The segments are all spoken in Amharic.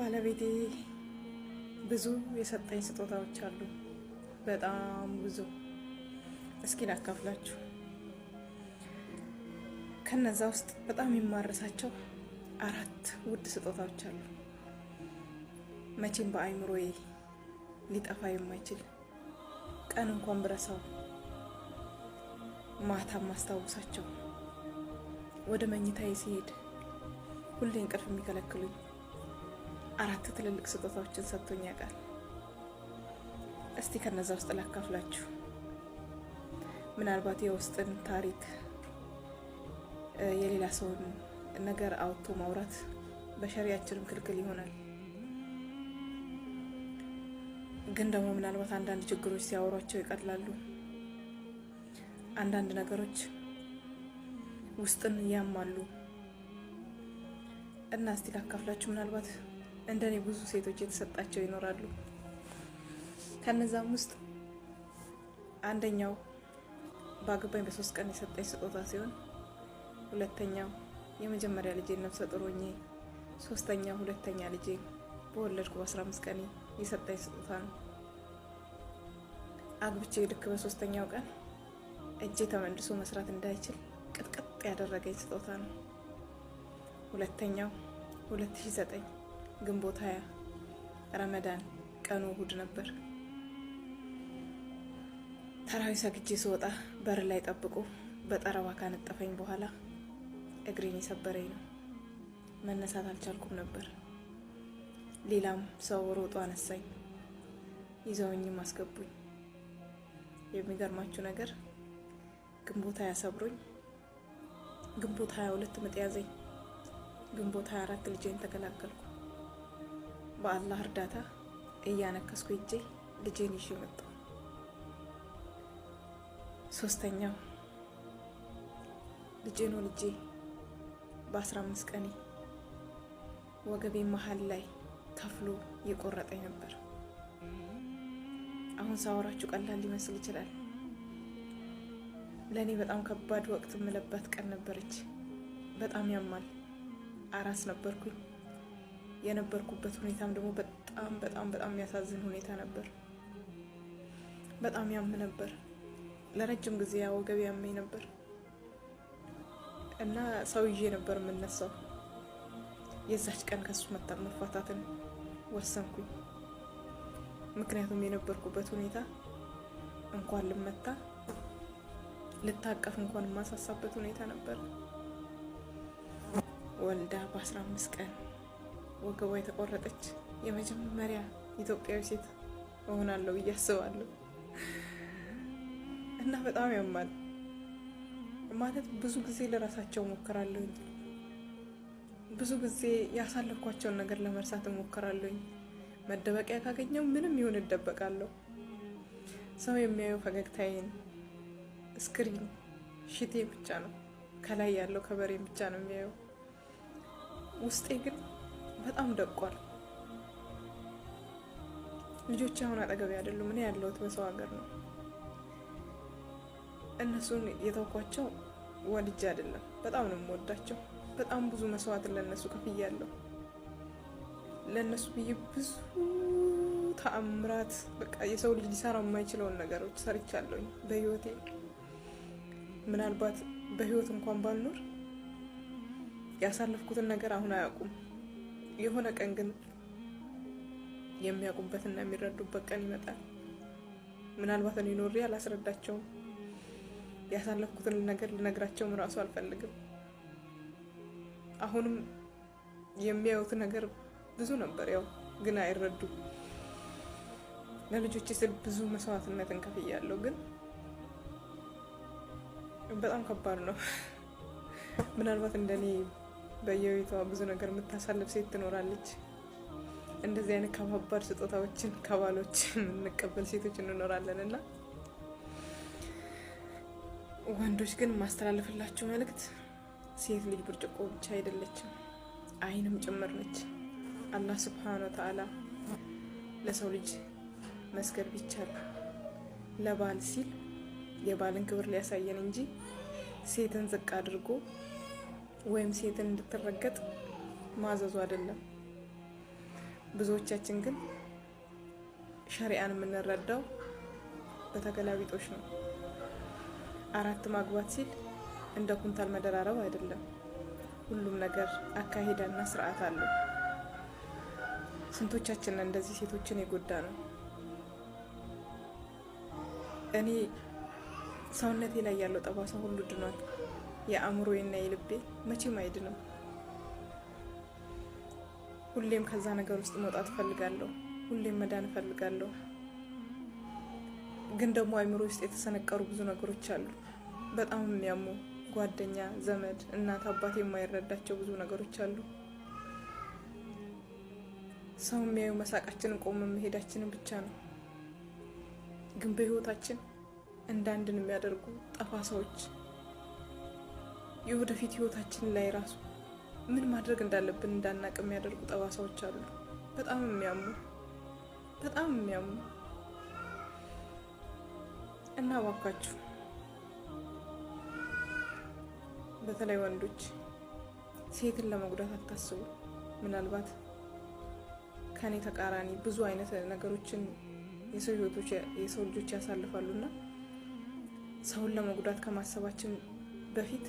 ባለቤቴ ብዙ የሰጠኝ ስጦታዎች አሉ። በጣም ብዙ። እስኪ ላካፍላችሁ። ከነዛ ውስጥ በጣም የማረሳቸው አራት ውድ ስጦታዎች አሉ። መቼም በአይምሮዬ ሊጠፋ የማይችል ቀን እንኳን ብረሳው ማታም ማስታወሳቸው ወደ መኝታዬ ሲሄድ ሁሌ እንቅልፍ የሚከለክሉኝ አራት ትልልቅ ስጦታዎችን ሰጥቶኝ ያውቃል። እስቲ ከነዛ ውስጥ ላካፍላችሁ። ምናልባት የውስጥን ታሪክ የሌላ ሰውን ነገር አውጥቶ ማውራት በሸሪያችንም ክልክል ይሆናል። ግን ደግሞ ምናልባት አንዳንድ ችግሮች ሲያወሯቸው ይቀላሉ። አንዳንድ ነገሮች ውስጥን ያማሉ እና እስቲ ላካፍላችሁ ምናልባት እንደኔ ብዙ ሴቶች የተሰጣቸው ይኖራሉ። ከነዛም ውስጥ አንደኛው በአገባኝ በሶስት ቀን የሰጠኝ ስጦታ ሲሆን ሁለተኛው የመጀመሪያ ልጄ ነፍሰ ጡር ሆኜ ሶስተኛ ሁለተኛ ልጄ በወለድኩ በአስራ አምስት ቀን የሰጠኝ ስጦታ ነው። አግብቼ ልክ በሶስተኛው ቀን እጄ ተመልሶ መስራት እንዳይችል ቅጥቅጥ ያደረገኝ ስጦታ ነው። ሁለተኛው ሁለት ሺ ዘጠኝ ግንቦት ያ ረመዳን ቀኑ እሁድ ነበር። ተራዊ ሰግጄ ስወጣ በር ላይ ጠብቆ በጠረባ ካነጠፈኝ በኋላ እግሬን የሰበረኝ ነው። መነሳት አልቻልኩም ነበር። ሌላም ሰው ሮጦ አነሳኝ፣ ይዘውኝም አስገቡኝ። የሚገርማችሁ ነገር ግንቦት 20 ሰብሮኝ ግንቦት 22 ምጥ ያዘኝ። ግንቦት 24 ልጄን ተገላገልኩ። በአላህ እርዳታ እያነከስኩ እጄ ልጄን ይዤ መጣሁ። ሶስተኛው ልጄን ወልጄ በአስራ አምስት ቀኔ ወገቤ መሀል ላይ ከፍሎ የቆረጠኝ ነበር። አሁን ሳወራችሁ ቀላል ሊመስል ይችላል። ለእኔ በጣም ከባድ ወቅት የምለባት ቀን ነበረች። በጣም ያማል። አራስ ነበርኩኝ። የነበርኩበት ሁኔታም ደግሞ በጣም በጣም በጣም የሚያሳዝን ሁኔታ ነበር። በጣም ያም ነበር። ለረጅም ጊዜ ወገብ ያመኝ ነበር እና ሰው ይዤ ነበር የምነሳው። የዛች ቀን ከሱ መፋታትን ወሰንኩኝ። ምክንያቱም የነበርኩበት ሁኔታ እንኳን ልመታ ልታቀፍ እንኳን የማሳሳበት ሁኔታ ነበር። ወልዳ በአስራ አምስት ቀን ወገቧ የተቆረጠች የመጀመሪያ ኢትዮጵያዊ ሴት እሆናለሁ ብዬ አስባለሁ። እና በጣም ያማል ማለት ብዙ ጊዜ ለራሳቸው ሞከራለሁኝ። ብዙ ጊዜ ያሳለፍኳቸውን ነገር ለመርሳት ሞክራለሁኝ መደበቂያ ካገኘው ምንም ይሁን እደበቃለሁ። ሰው የሚያየው ፈገግታዬን ስክሪን ሽቴ ብቻ ነው፣ ከላይ ያለው ከበሬ ብቻ ነው የሚያየው። ውስጤ ግን በጣም ደቋል። ልጆች አሁን አጠገቤ አይደሉም። እኔ ያለሁት በሰው ሀገር ነው። እነሱን የተውኳቸው ወድጄ አይደለም። በጣም ነው የምወዳቸው። በጣም ብዙ መስዋዕት ለእነሱ ከፍያለሁ። ለእነሱ ብዬ ብዙ ተአምራት፣ በቃ የሰው ልጅ ሊሰራው የማይችለውን ነገሮች ሰርቻለሁኝ በህይወቴ። ምናልባት በህይወት እንኳን ባልኖር ያሳለፍኩትን ነገር አሁን አያውቁም። የሆነ ቀን ግን የሚያውቁበትና የሚረዱበት ቀን ይመጣል። ምናልባት እኔ ኖሬ አላስረዳቸውም። ያሳለፍኩትን ነገር ልነግራቸውም እራሱ አልፈልግም። አሁንም የሚያዩት ነገር ብዙ ነበር፣ ያው ግን አይረዱም። ለልጆች ስል ብዙ መስዋዕትነት እንከፍያለሁ፣ ግን በጣም ከባድ ነው። ምናልባት እንደኔ በየቤቷ ብዙ ነገር የምታሳልፍ ሴት ትኖራለች። እንደዚህ አይነት ከባባድ ስጦታዎችን ከባሎች የምንቀበል ሴቶች እንኖራለን እና ወንዶች ግን የማስተላለፍላችሁ መልእክት ሴት ልጅ ብርጭቆ ብቻ አይደለችም፣ አይንም ጭምር ነች። አላህ ስብሓነ ወተዓላ ለሰው ልጅ መስገድ ቢቻል ለባል ሲል የባልን ክብር ሊያሳየን እንጂ ሴትን ዝቅ አድርጎ ወይም ሴትን እንድትረገጥ ማዘዙ አይደለም። ብዙዎቻችን ግን ሸሪአን የምንረዳው በተገላቢጦሽ ነው። አራት ማግባት ሲል እንደ ኩንታል መደራረብ አይደለም። ሁሉም ነገር አካሄዳና ስርዓት አለው። ስንቶቻችንን እንደዚህ ሴቶችን የጎዳ ነው። እኔ ሰውነቴ ላይ ያለው ጠባሳ ሁሉ ድኗል። የአእምሮዬና የልቤ መቼም አይድንም። ሁሌም ከዛ ነገር ውስጥ መውጣት እፈልጋለሁ። ሁሌም መዳን እፈልጋለሁ። ግን ደግሞ አእምሮ ውስጥ የተሰነቀሩ ብዙ ነገሮች አሉ። በጣም የሚያሙ ጓደኛ፣ ዘመድ፣ እናት፣ አባት የማይረዳቸው ብዙ ነገሮች አሉ። ሰው የሚያዩ መሳቃችንን ቆመ መሄዳችንን ብቻ ነው። ግን በህይወታችን እንዳንድን የሚያደርጉ ጠፋ ሰዎች የወደፊት ህይወታችን ላይ ራሱ ምን ማድረግ እንዳለብን እንዳናቅ የሚያደርጉ ጠባሳዎች አሉ። በጣም የሚያሙ በጣም የሚያሙ እና እባካችሁ በተለይ ወንዶች ሴትን ለመጉዳት አታስቡ። ምናልባት ከኔ ተቃራኒ ብዙ አይነት ነገሮችን የሰው ህይወቶች የሰው ልጆች እና ሰውን ለመጉዳት ከማሰባችን በፊት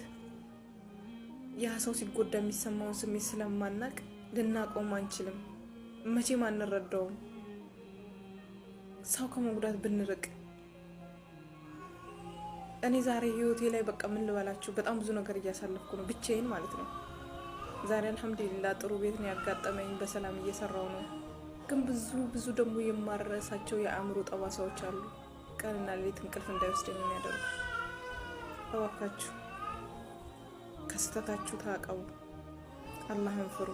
ያ ሰው ሲጎዳ የሚሰማውን ስሜት ስለማናቅ ልናቆም አንችልም። መቼም አንረዳውም። ሰው ከመጉዳት ብንርቅ እኔ ዛሬ ህይወቴ ላይ በቃ ምን ልበላችሁ፣ በጣም ብዙ ነገር እያሳለፍኩ ነው፣ ብቻዬን ማለት ነው። ዛሬ አልሐምዱሊላ ጥሩ ቤት ነው ያጋጠመኝ፣ በሰላም እየሰራው ነው። ግን ብዙ ብዙ ደግሞ የማረሳቸው የአእምሮ ጠባሳዎች አሉ፣ ቀንና ሌሊት እንቅልፍ እንዳይወስደኝ የሚያደርጉ። እባካችሁ ከስተታችሁ ታቀቡ። አላህን ፍሩ።